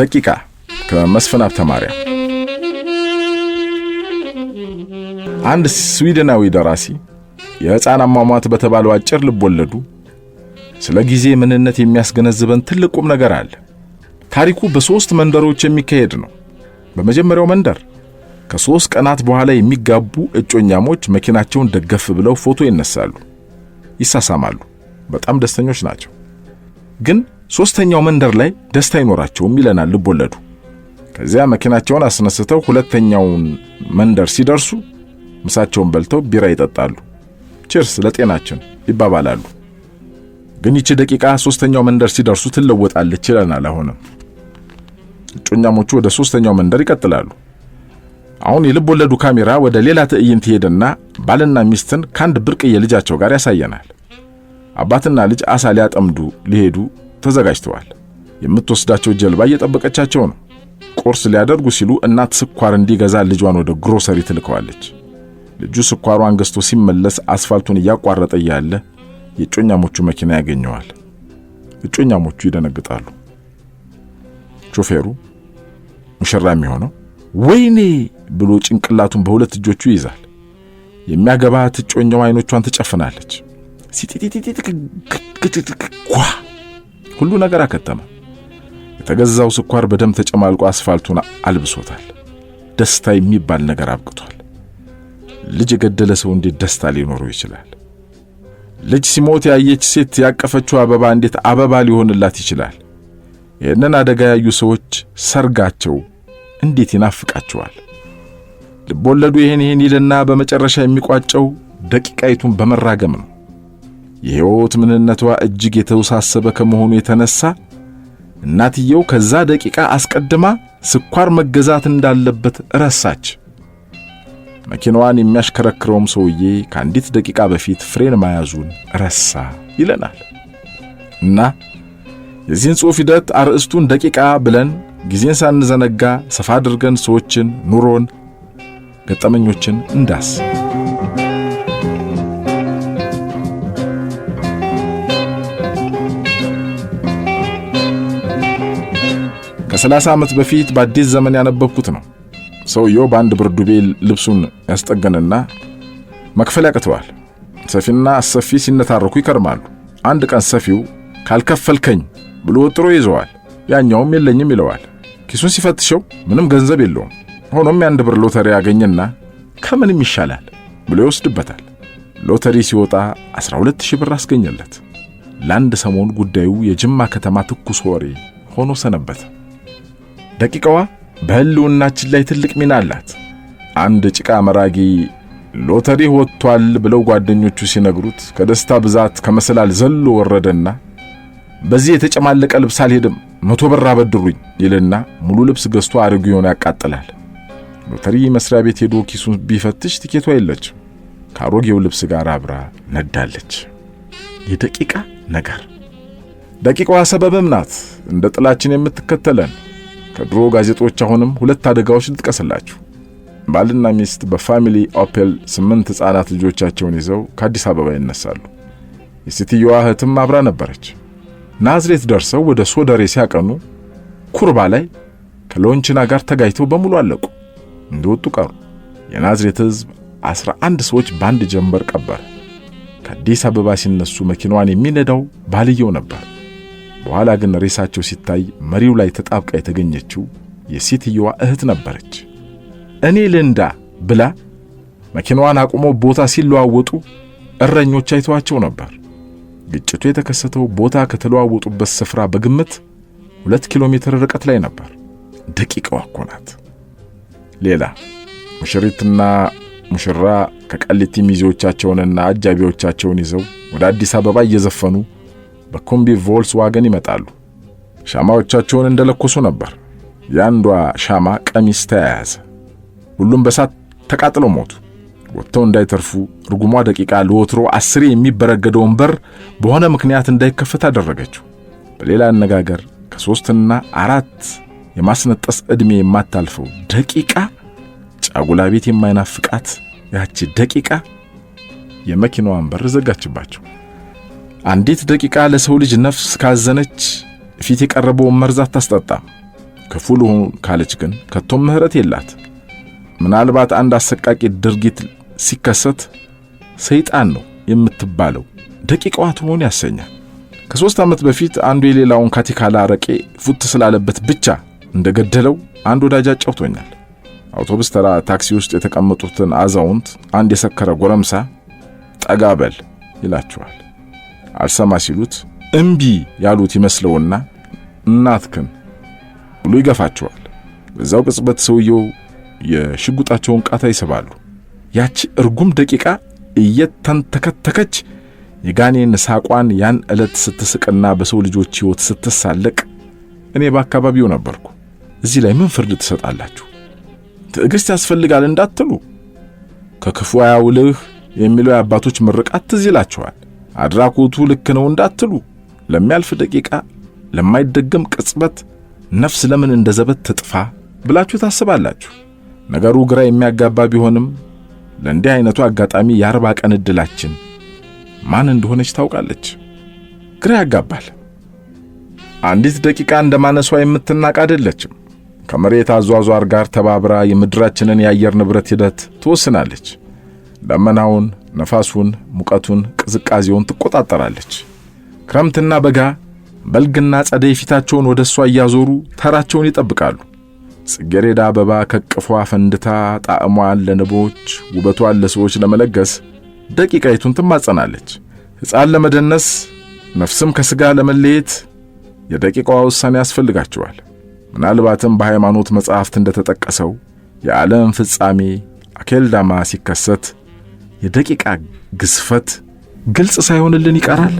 ደቂቃ ከመስፍን ሀብተማርያም አንድ ስዊድናዊ ደራሲ የሕፃን አሟሟት በተባለው አጭር ወለዱ ስለ ጊዜ ምንነት የሚያስገነዝበን ትልቅ ቁም ነገር አለ። ታሪኩ በሦስት መንደሮች የሚካሄድ ነው። በመጀመሪያው መንደር ከሦስት ቀናት በኋላ የሚጋቡ እጮኛሞች መኪናቸውን ደገፍ ብለው ፎቶ ይነሳሉ፣ ይሳሳማሉ፣ በጣም ደስተኞች ናቸው። ግን ሶስተኛው መንደር ላይ ደስታ አይኖራቸውም ይለናል ልቦለዱ። ከዚያ መኪናቸውን አስነስተው ሁለተኛውን መንደር ሲደርሱ ምሳቸውን በልተው ቢራ ይጠጣሉ። ቺርስ ለጤናችን ይባባላሉ። ግን ይቺ ደቂቃ ሶስተኛው መንደር ሲደርሱ ትለወጣለች ይለናል። አሁንም እጮኛሞቹ ወደ ሶስተኛው መንደር ይቀጥላሉ። አሁን የልብ ወለዱ ካሜራ ወደ ሌላ ትዕይንት ሄድና ባልና ሚስትን ከአንድ ብርቅዬ ልጃቸው ጋር ያሳየናል። አባትና ልጅ አሳ ሊያጠምዱ ሊሄዱ ተዘጋጅተዋል። የምትወስዳቸው ጀልባ እየጠበቀቻቸው ነው። ቁርስ ሊያደርጉ ሲሉ እናት ስኳር እንዲገዛ ልጇን ወደ ግሮሰሪ ትልከዋለች። ልጁ ስኳሯን ገዝቶ ሲመለስ አስፋልቱን እያቋረጠ እያለ የእጮኛሞቹ መኪና ያገኘዋል። እጮኛሞቹ ይደነግጣሉ። ሾፌሩ ሙሽራ የሚሆነው ወይኔ ብሎ ጭንቅላቱን በሁለት እጆቹ ይይዛል። የሚያገባት እጮኛው አይኖቿን ትጨፍናለች። ሲጢጢጢጢ ሁሉ ነገር አከተመ። የተገዛው ስኳር በደም ተጨማልቆ አስፋልቱን አልብሶታል። ደስታ የሚባል ነገር አብቅቷል። ልጅ የገደለ ሰው እንዴት ደስታ ሊኖረው ይችላል? ልጅ ሲሞት ያየች ሴት ያቀፈችው አበባ እንዴት አበባ ሊሆንላት ይችላል? ይህንን አደጋ ያዩ ሰዎች ሰርጋቸው እንዴት ይናፍቃቸዋል? ልብ ወለዱ ይህን ይህን ይልና በመጨረሻ የሚቋጨው ደቂቃይቱን በመራገም ነው። የሕይወት ምንነቷ እጅግ የተወሳሰበ ከመሆኑ የተነሳ እናትየው ከዛ ደቂቃ አስቀድማ ስኳር መገዛት እንዳለበት ረሳች። መኪናዋን የሚያሽከረክረውም ሰውዬ ከአንዲት ደቂቃ በፊት ፍሬን መያዙን ረሳ ይለናል እና የዚህን ጽሑፍ ሂደት አርዕስቱን ደቂቃ ብለን ጊዜን ሳንዘነጋ ሰፋ አድርገን ሰዎችን፣ ኑሮን፣ ገጠመኞችን እንዳስ ከ30 ዓመት በፊት በአዲስ ዘመን ያነበብኩት ነው። ሰውየው በአንድ ብርዱ ቤል ልብሱን ያስጠገንና መክፈል ያቅተዋል። ሰፊና አሰፊ ሲነታረኩ ይከርማሉ። አንድ ቀን ሰፊው ካልከፈልከኝ ብሎ ወጥሮ ይዘዋል። ያኛውም የለኝም ይለዋል። ኪሱን ሲፈትሸው ምንም ገንዘብ የለውም። ሆኖም የአንድ ብር ሎተሪ ያገኘና ከምንም ይሻላል ብሎ ይወስድበታል። ሎተሪ ሲወጣ 12 ሺህ ብር አስገኘለት። ለአንድ ሰሞን ጉዳዩ የጅማ ከተማ ትኩስ ወሬ ሆኖ ሰነበተ። ደቂቃዋ በህልውናችን ላይ ትልቅ ሚና አላት። አንድ ጭቃ መራጊ ሎተሪ ወጥቷል ብለው ጓደኞቹ ሲነግሩት ከደስታ ብዛት ከመሰላል ዘሎ ወረደና በዚህ የተጨማለቀ ልብስ አልሄድም፣ መቶ ብር አበድሩኝ ይልና ሙሉ ልብስ ገዝቶ አሮጌውን ያቃጥላል። ሎተሪ መስሪያ ቤት ሄዶ ኪሱን ቢፈትሽ ትኬቷ የለችም፣ ከአሮጌው ልብስ ጋር አብራ ነዳለች። የደቂቃ ነገር ደቂቃዋ ሰበብም ናት፣ እንደ ጥላችን የምትከተለን ከድሮ ጋዜጦች አሁንም ሁለት አደጋዎች ልጥቀስላችሁ። ባልና ሚስት በፋሚሊ ኦፔል ስምንት ሕፃናት ልጆቻቸውን ይዘው ከአዲስ አበባ ይነሳሉ። የሴትየዋ እህትም አብራ ነበረች። ናዝሬት ደርሰው ወደ ሶደሬ ሲያቀኑ ኩርባ ላይ ከሎንችና ጋር ተጋጅተው በሙሉ አለቁ፣ እንደወጡ ቀሩ። የናዝሬት ሕዝብ አስራ አንድ ሰዎች በአንድ ጀንበር ቀበረ። ከአዲስ አበባ ሲነሱ መኪናዋን የሚነዳው ባልየው ነበር። በኋላ ግን ሬሳቸው ሲታይ መሪው ላይ ተጣብቃ የተገኘችው የሴትየዋ እህት ነበረች። እኔ ልንዳ ብላ መኪናዋን አቁሞ ቦታ ሲለዋወጡ እረኞች አይተዋቸው ነበር። ግጭቱ የተከሰተው ቦታ ከተለዋወጡበት ስፍራ በግምት ሁለት ኪሎ ሜትር ርቀት ላይ ነበር። ደቂቃዋ እኮ ናት። ሌላ ሙሽሪትና ሙሽራ ከቃሊቲ ሚዜዎቻቸውንና አጃቢዎቻቸውን ይዘው ወደ አዲስ አበባ እየዘፈኑ በኮምቢ ዋገን ይመጣሉ። ሻማዎቻቸውን እንደለኮሱ ነበር። የአንዷ ሻማ ቀሚስ ተያያዘ። ሁሉም በሳት ተቃጥለው ሞቱ። ወጥተው እንዳይተርፉ ርጉሟ ደቂቃ ለወትሮ አስሬ የሚበረገደውን በር በሆነ ምክንያት እንዳይከፈት አደረገችው። በሌላ አነጋገር ከሶስትና አራት የማስነጠስ ዕድሜ የማታልፈው ደቂቃ፣ ጫጉላ ቤት የማይናፍቃት ያቺ ደቂቃ የመኪናዋን በር ዘጋችባቸው። አንዲት ደቂቃ ለሰው ልጅ ነፍስ ካዘነች ፊት የቀረበውን መርዝ አታስጠጣም። ክፉ ካለች ግን ከቶም ምሕረት የላት። ምናልባት አንድ አሰቃቂ ድርጊት ሲከሰት ሰይጣን ነው የምትባለው ደቂቃዋ ትሆን ያሰኛል። ከሦስት ዓመት በፊት አንዱ የሌላውን ካቲካላ አረቄ ፉት ስላለበት ብቻ እንደገደለው አንድ ወዳጅ አጫውቶኛል። አውቶቡስ ተራ ታክሲ ውስጥ የተቀመጡትን አዛውንት አንድ የሰከረ ጎረምሳ ጠጋበል ይላቸዋል። አልሰማ ሲሉት እምቢ ያሉት ይመስለውና እናትክን ብሎ ይገፋቸዋል። በዛው ቅጽበት ሰውየው የሽጉጣቸውን ቃታ ይስባሉ። ያቺ እርጉም ደቂቃ እየተንተከተከች የጋኔን ሳቋን ያን ዕለት ስትስቅና በሰው ልጆች ሕይወት ስትሳለቅ እኔ በአካባቢው ነበርኩ። እዚህ ላይ ምን ፍርድ ትሰጣላችሁ? ትዕግሥት ያስፈልጋል እንዳትሉ ከክፉ አያውልህ የሚለው የአባቶች ምርቃት ትዝ ይላችኋል። አድራጎቱ ልክ ነው እንዳትሉ ለሚያልፍ ደቂቃ ለማይደገም ቅጽበት ነፍስ ለምን እንደ ዘበት ትጥፋ ብላችሁ ታስባላችሁ። ነገሩ ግራ የሚያጋባ ቢሆንም ለእንዲህ አይነቱ አጋጣሚ የአርባ ቀን ዕድላችን ማን እንደሆነች ታውቃለች። ግራ ያጋባል። አንዲት ደቂቃ እንደማነሷ የምትናቅ አይደለችም። ከመሬት አዟዟር ጋር ተባብራ የምድራችንን የአየር ንብረት ሂደት ትወስናለች። ደመናውን ነፋሱን፣ ሙቀቱን፣ ቅዝቃዜውን ትቆጣጠራለች። ክረምትና በጋ፣ በልግና ጸደይ ፊታቸውን ወደ እሷ እያዞሩ ተራቸውን ይጠብቃሉ። ጽጌሬዳ አበባ ከቅፏ ፈንድታ ጣዕሟን ለንቦች ውበቷን ለሰዎች ለመለገስ ደቂቃይቱን ትማጸናለች። ሕፃን ለመደነስ ነፍስም ከሥጋ ለመለየት የደቂቃዋ ውሳኔ ያስፈልጋቸዋል። ምናልባትም በሃይማኖት መጻሕፍት እንደተጠቀሰው የዓለም ፍጻሜ አኬልዳማ ሲከሰት የደቂቃ ግዝፈት ግልጽ ሳይሆንልን ይቀራል።